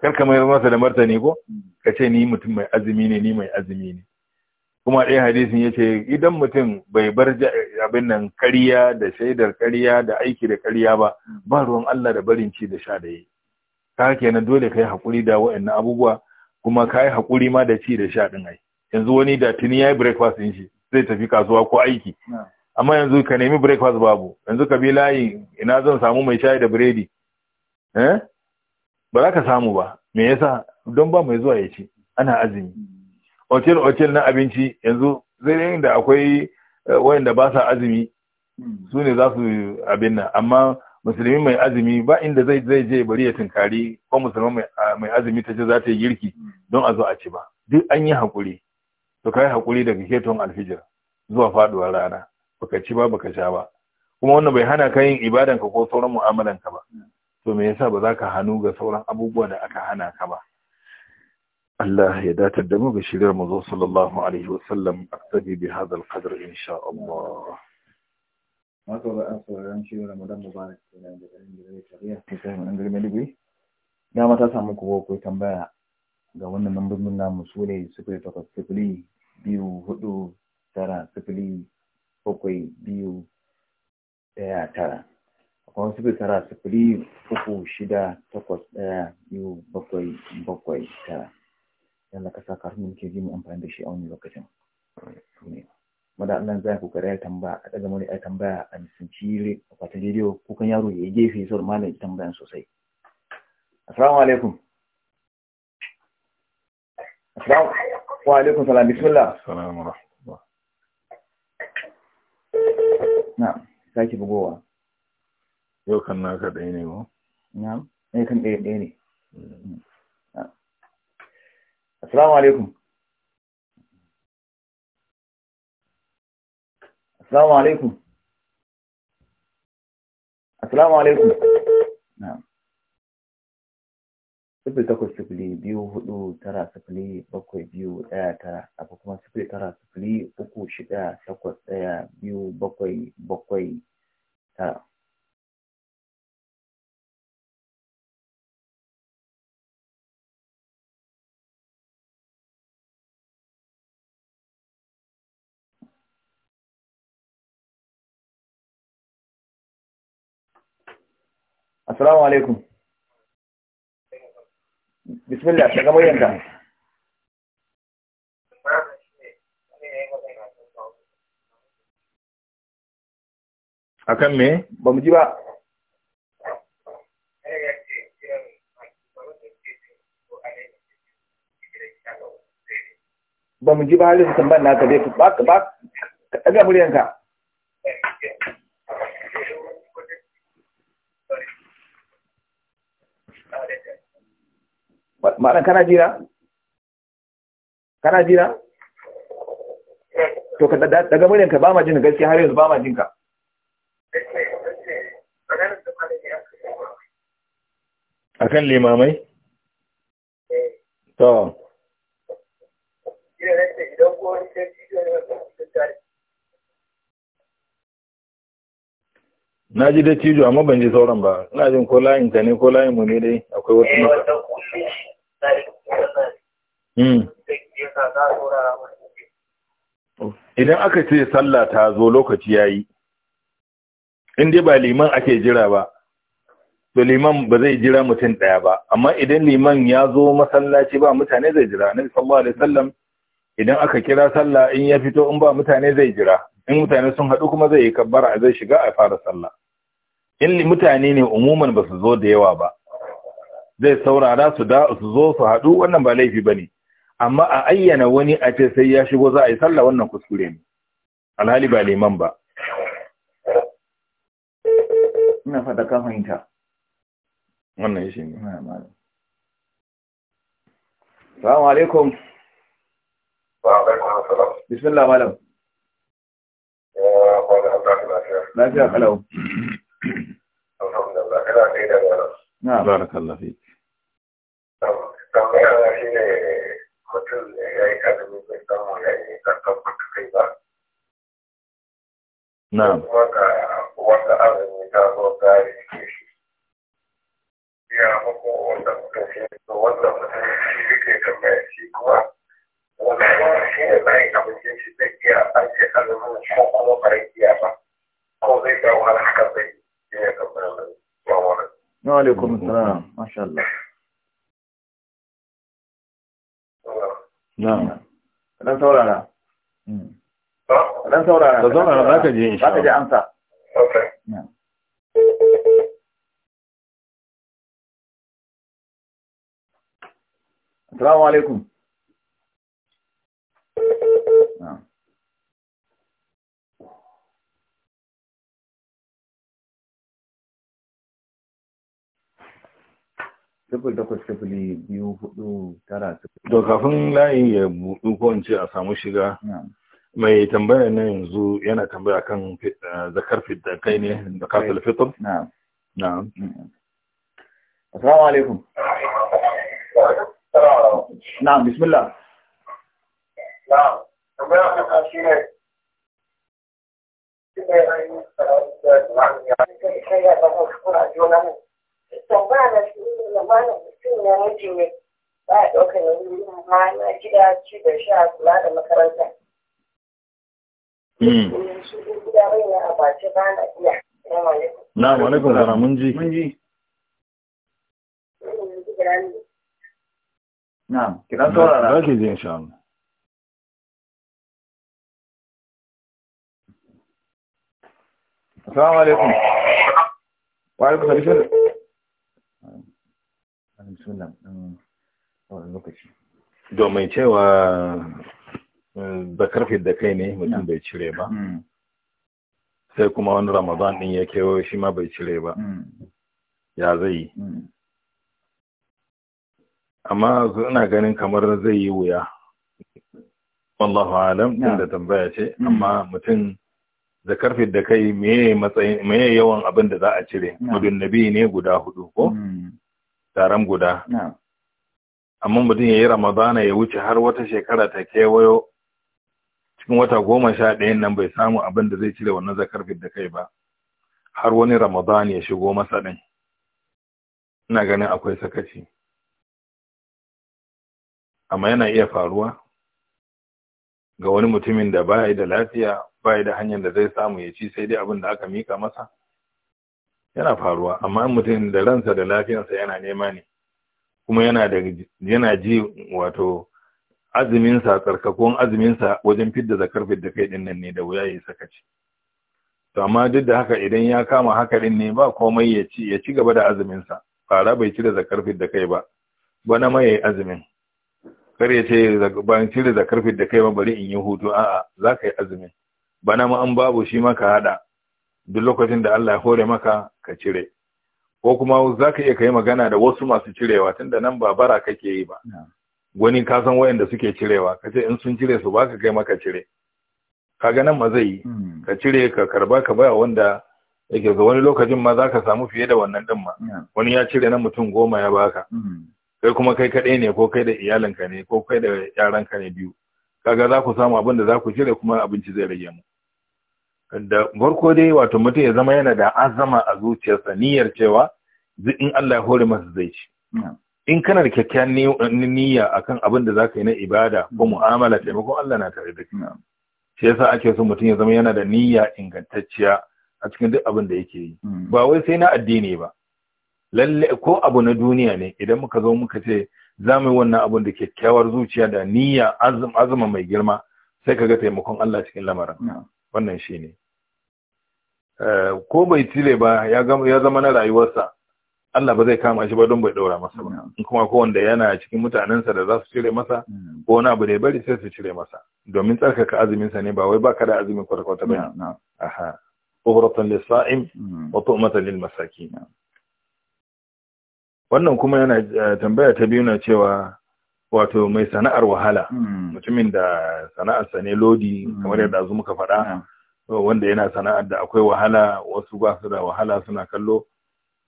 [SPEAKER 1] kar ka mayar masa da martani ko ka ce ni mutum mai azumi ne ni mai azumi ne kuma ɗaya hadisin ya ce idan mutum bai bar abin nan ƙarya da shaidar ƙarya da aiki da ƙarya ba ba ruwan Allah da barin ci da sha da yi ka kenan dole ka yi hakuri da wa'annan abubuwa kuma ka yi haƙuri ma da ci da sha ɗin ai yanzu wani da tuni ya yi breakfast din shi zai tafi kasuwa ko aiki amma yanzu ka nemi breakfast babu yanzu ka bi layi ina zan samu mai shayi da biredi eh ba za ka samu ba me yasa don ba mai zuwa ya ci ana azumi Otal-otal na abinci yanzu zai da akwai eh, wayanda ba sa azumi hmm. su ne za su abin nan amma musulmi mai azumi ba inda zai zai je bari ya tunkari ko musulmi ah, mai azumi ta ce za ta yi girki hmm. don a zo a ci ba duk an yi hakuri to kai hakuri daga keton alfijir zuwa faduwar rana baka ci ba baka sha ba kuma wannan bai hana ka yin ibadan ka ko sauran mu'amalan ka ba to me yasa ba za ka hannu ga sauran abubuwa da aka hana ka ba Allah ya datar da mu ga shirar mu zo sallallahu alaihi wa sallam aktabi bi hadha al-qadr insha
[SPEAKER 2] Allah Maka ba a sauraron shi Ramadan Mubarak kenan da garin da zai tariya ta sai mun girme dubi na mata samu ku ko tambaya ga wannan lambobin namu su ne 0800 biyu hudu tara sifili bakwai biyu daya tara akwai sifili tara sifili uku shida takwas daya biyu bakwai bakwai tara yana ka sa kafin muke ji mu amfani da shi a wani lokacin mada Allah zai kokari ya tambaya a daga mani ya tambaya a misanci akwatin rediyo ko kan yaro ya gefe saboda malam ya tambayan sosai assalamu alaikum assalamu wa alaikum salam bismillah assalamu alaikum
[SPEAKER 1] rahmatullah bugowa yau kan naka ɗaya ne ko na'am eh, kan ɗaya ɗaya ne hmm.
[SPEAKER 2] assalamu alaikum assalamu alaikum assalamu alaikum sifili takwas sifili biyu hudu tara sifili bakwai biyu ɗaya tara akwai kuma sifili tara sifili uku shida takwas ɗaya biyu bakwai bakwai tara. Assalamu alaikum. bismillah shiga muryanka akan me ba mu ji ba
[SPEAKER 1] ba mu ji ba halin tambayar naka dai ba ka ba ka ɗaga muryanka
[SPEAKER 2] ma'anar kana jira kana jira to ka
[SPEAKER 1] daga muryan ka ba ma jin gaskiya har yanzu ba ma jin ka kan limamai to na ji da cijo amma ban ji sauran ba ina jin ko layin ne ko layin mu ne dai akwai
[SPEAKER 2] wasu
[SPEAKER 1] Hmm. Idan aka ce sallah ta zo lokaci ya yi, inda ba liman ake jira ba, to liman ba zai jira mutum ɗaya ba, amma idan liman ya zo masallaci ba mutane zai jira, na sallallahu da sallam idan aka kira sallah in ya fito in ba mutane zai jira, in mutane sun haɗu kuma zai yi kabbara zai shiga a fara sallah. In mutane ne umuman ba su zo da yawa ba, zai saurara su da su zo su haɗu wannan ba laifi ba ne. amma a ayyana wani a ce sai ya shigo za a yi sallah wannan kuskure ne alhali ba liman ba ina
[SPEAKER 2] fata ka fahimta wannan shi ne salamu alaikum bismillah malam lafiya kalau na mutum ya yi azumi bai samu ya yi karkafin kai ba. Na. Wata wata azumi ta zo ta rike shi. Ya muku wanda mutum shi ne wanda mutum shi rike tambaya shi kuma wanda kuma shi ne bayan abincin shi da iya ajiye azumin ko kuma ba iya ba. Ko zai ga wahala haka bai ya tambaya wani. Wa alaikum salam, masha Allah. na'am saurara dan hmm. saurara da saurara zaka je insha Allah zaka amsa okay na'am assalamu alaikum biyu hudu tara
[SPEAKER 1] To kafin layin ya buɗu ko in ce a samu shiga. Mai tambaya na yanzu yana tambaya kan eh, zakar fitar kai ne da kasar fitar? Na'am. Na'am. Assalamu alaikum.
[SPEAKER 2] Na'am, bismillah. Na'am, tambaya kan shi yi ne. sau ba na su zama na mutum na miji ne ba a ɗauka na wuri ma na gida ci da sha kula da makaranta. na abace na Na zara mun ji. Na, kiran ji insha Allah. Assalamu alaikum. Wa
[SPEAKER 1] lokaci domin cewa eh, da karfe da kai ne mutum bai cire ba mm. sai kuma wani ramadan ɗin ya kewo shi ma bai cire ba mm. ya zai yi mm. amma ina ganin kamar zai yi wuya wallahu alam din da tambaya ce amma mutum da karfe da kai meye yawan abin da za a cire mudun nabi ne guda hudu ko taron guda amma mutum ya yi ramadana ya wuce har wata shekara ta kewayo cikin wata goma sha ɗayan nan bai samu abin da zai cire wannan zakar da kai ba har wani ramadan ya shigo masa ɗin ina ganin akwai sakaci amma yana iya faruwa ga wani mutumin da ba da lafiya ba da hanyar da zai samu ya ci sai dai abin da aka mika masa yana faruwa amma mutum da ransa da lafiyarsa yana nema ne kuma yana da yana ji wato azumin sa tsarkakon azumin wajen fidda zakar fidda kai din nan ne da wuya yi sakaci to amma duk da haka idan ya kama haka din ne ba komai ya ci ya ci gaba da azuminsa, fara bai cire zakar fidda kai ba bana ma yayi azumin kar ya ce in cire zakar da kai ba bari in yi hutu a'a za ka yi azumin bana ma an babu shi maka hada duk lokacin da Allah ya hore maka ka cire ko kuma za ka iya ka yi magana da wasu masu cirewa tunda nan ba bara kake yi ba wani ka san wayanda suke cirewa ka ce in sun cire su baka kai maka cire ga nan ma zai yi hmm. ka cire ka karba ka baya wanda yake zo wani lokacin ma za ka samu fiye da wannan din ma wani ya cire na mutum goma ya baka hmm. kai kuma kai kaɗai ne ko kai da iyalinka ne ko kai da yaranka ne biyu kaga za ku samu abin da za ku cire kuma abinci zai rage mu da farko dai wato mutum ya zama yana da azama a zuciyarsa niyyar cewa in Allah ya hore masa zai ci in kana da kyakkyawan niyya akan abin da zaka yi na ibada ko mm. mu'amala taimakon Allah na tare da kina. shi yasa ake so mutum ya zama yana da niyya ingantacciya a cikin duk abin da yake yi mm. ba wai sai na addini ba lalle ko abu na duniya ne idan muka zo muka ce za mu yi wannan abin da kyakkyawar zuciya da niyya azuma mai girma sai ka ga taimakon Allah cikin lamarin wannan shi ne. Eh, ko bai cire ba ya zama na rayuwarsa Allah ba zai kama shi ba don bai ɗora masa ba kuma ko wanda yana cikin mutanensa da za su cire masa mm. ko wani abu da ya bari sai su cire masa domin tsarkaka azuminsa ne ba wai ba ka da azumin kwata-kwata ba aha uhratan lisa'im mm. wa tu'matan lil masakin wannan kuma yana eh, tambaya ta biyu na cewa wato mai sana'ar wahala mm. mutumin da sana'arsa ne lodi kamar yadda azu muka faɗa wanda yana sana'ar da akwai wahala wasu ba su da wahala suna kallo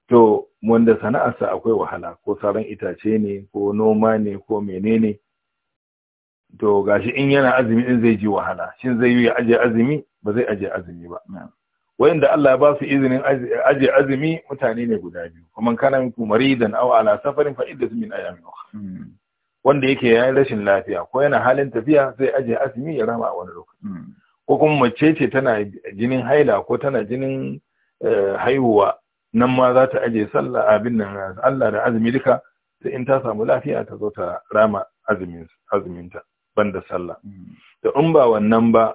[SPEAKER 1] to wanda sana'arsa akwai wahala ko saran itace ne ko noma ne ko menene to gashi in yana azumi din zai ji wahala shin zai yi aje azumi ba zai aje azumi ba wayanda Allah ya ba su izinin aje azumi mutane ne guda biyu kuma kana kumari maridan aw ala safarin fa iddatu min ayamin ukhra hmm. wanda yake yayin rashin lafiya ko yana halin tafiya zai aje azumi ya rama a wani lokaci hmm. ko kuma mace ce tana jinin haila ko tana jinin eh, haihuwa nan ma za ta aje sallah abin nan Allah da azumi duka sai in ta samu lafiya ta zo ta rama azumin azuminta banda sallah da in ba wannan ba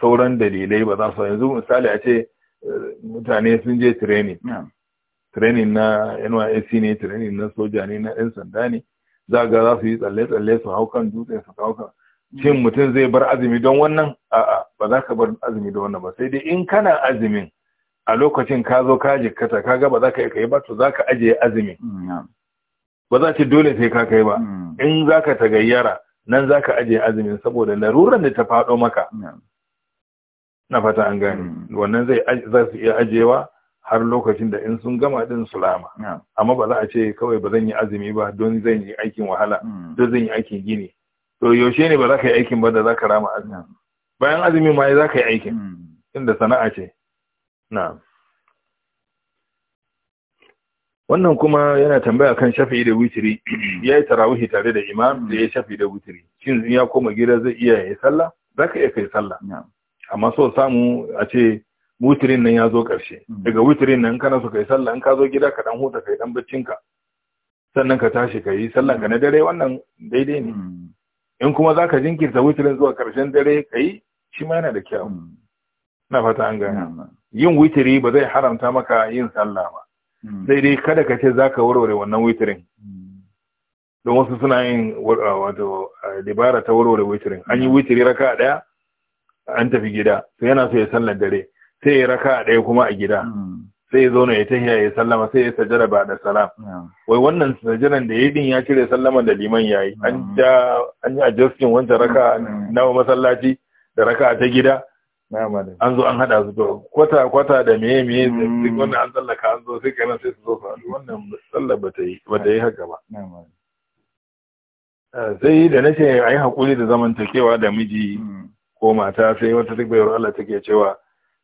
[SPEAKER 1] sauran dalilai ba za su yanzu misali a ce eh, mutane sun je training training na NYSC ne training na soja ne na 'yan sanda ne za ga za su yi tsalle-tsalle su hau kan dutse su hau kan shin mm. mutum zai bar azumi don wannan a'a ba za ka bar azumi don wannan ba sai dai in kana azumin a lokacin ka zo ka jikkata ka ga ba za ka yi kai ba to za ka ajiye azumi. Mm, ba za ce dole sai ka kai ba mm. in za ka gayyara nan za ka ajiye azumin saboda laruran da ta faɗo maka na fata an gane wannan zai za su iya ajiyewa har lokacin da in sun gama din sulama amma ba za a ce kawai ba zan yi azumi ba don zan yi aikin wahala don zan yi aikin gini to yaushe ne ba za ka yi aikin ba da za ka rama azumi bayan azumin ma za ka yi aikin hmm. inda sana'a ce na wannan kuma yana tambaya kan shafi da witiri hmm. ya yi tarawihi tare da imam da ya shafi da witiri shin ya koma gida zai iya yi sallah za ka iya kai sallah amma so samu a ce witirin nan ya zo ƙarshe hmm. daga witirin nan kana so kai sallah in ka zo gida ka dan huta kai dan baccinka sannan ka tashi ka yi sallah ka na dare wannan daidai ne in kuma za ka jinkirta witirin zuwa karshen dare ka yi shi ma yana da kyau hmm. na fata an gani hmm. yin witiri ba zai haramta maka yin sallah ba hmm. sai dai kada ka ce za ka warware wannan witirin don wasu suna yin wato dabara ta warware witirin an yi witiri raka a daya an tafi gida sai yana so ya sallar dare sai ya raka a daya kuma a gida sai ya zauna ya tahiya ya sallama sai ya sajada ba da salam wai wannan sajadan da ya din ya cire sallama da liman yayi an ja an yi adjusting wanda raka na masallaci da raka ta gida an zo an hada su to kwata kwata da meye meye Sai mm. wanda an tsallaka an zo sai kenan sai su zo su wannan sallar ba ta yi ba ta yi haka ba ah, sai da nace ayi hakuri da zamantakewa da miji mm. ko mata sai wata duk bayar Allah take cewa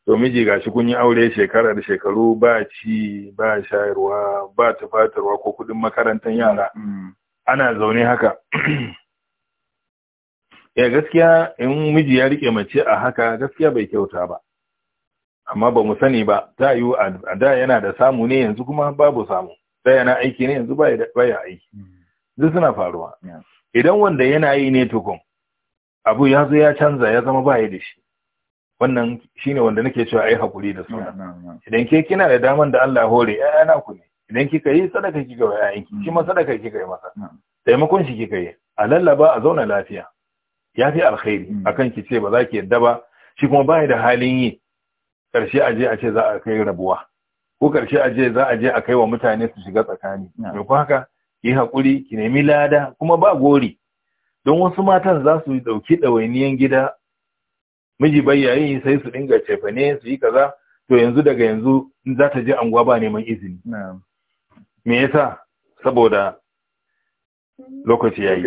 [SPEAKER 1] to miji ga shi kun yi aure shekara da shekaru ba ci ba shayarwa ba tufatarwa ko kudin makarantar yara mm. ana zaune haka ya eh, gaskiya in miji ya rike mace a haka gaskiya bai kyauta ba amma ba mu sani ba ta yiwu a da yana da samu ne yanzu kuma babu samu da yana aiki ne yanzu baya aiki mm. duk suna faruwa idan wanda yana yi ne tukun abu ya zo ya canza ya zama baya da shi wannan shine wanda nake cewa ai hakuri da sauna idan ke kina da daman da Allah hore 'ya'ya na ku ne idan kika yi sadaka kika wa yayanki mm. shi ma sadaka kika yi masa taimakon shi kika yi a lallaba a zauna lafiya ya fi alkhairi mm. akan ki ce ba za ki yadda ba shi kuma ba da halin yi karshe a je a ce za a kai rabuwa ko karshe a je za a je a kai wa mutane su shiga tsakani me ku haka ki hakuri ki nemi lada kuma ba gori don wasu matan za su ɗauki ɗawainiyan gida miji bai yayi sai su dinga cefane su yi kaza to yanzu daga yanzu in za ta je anguwa ba neman izini me yasa saboda lokaci yayi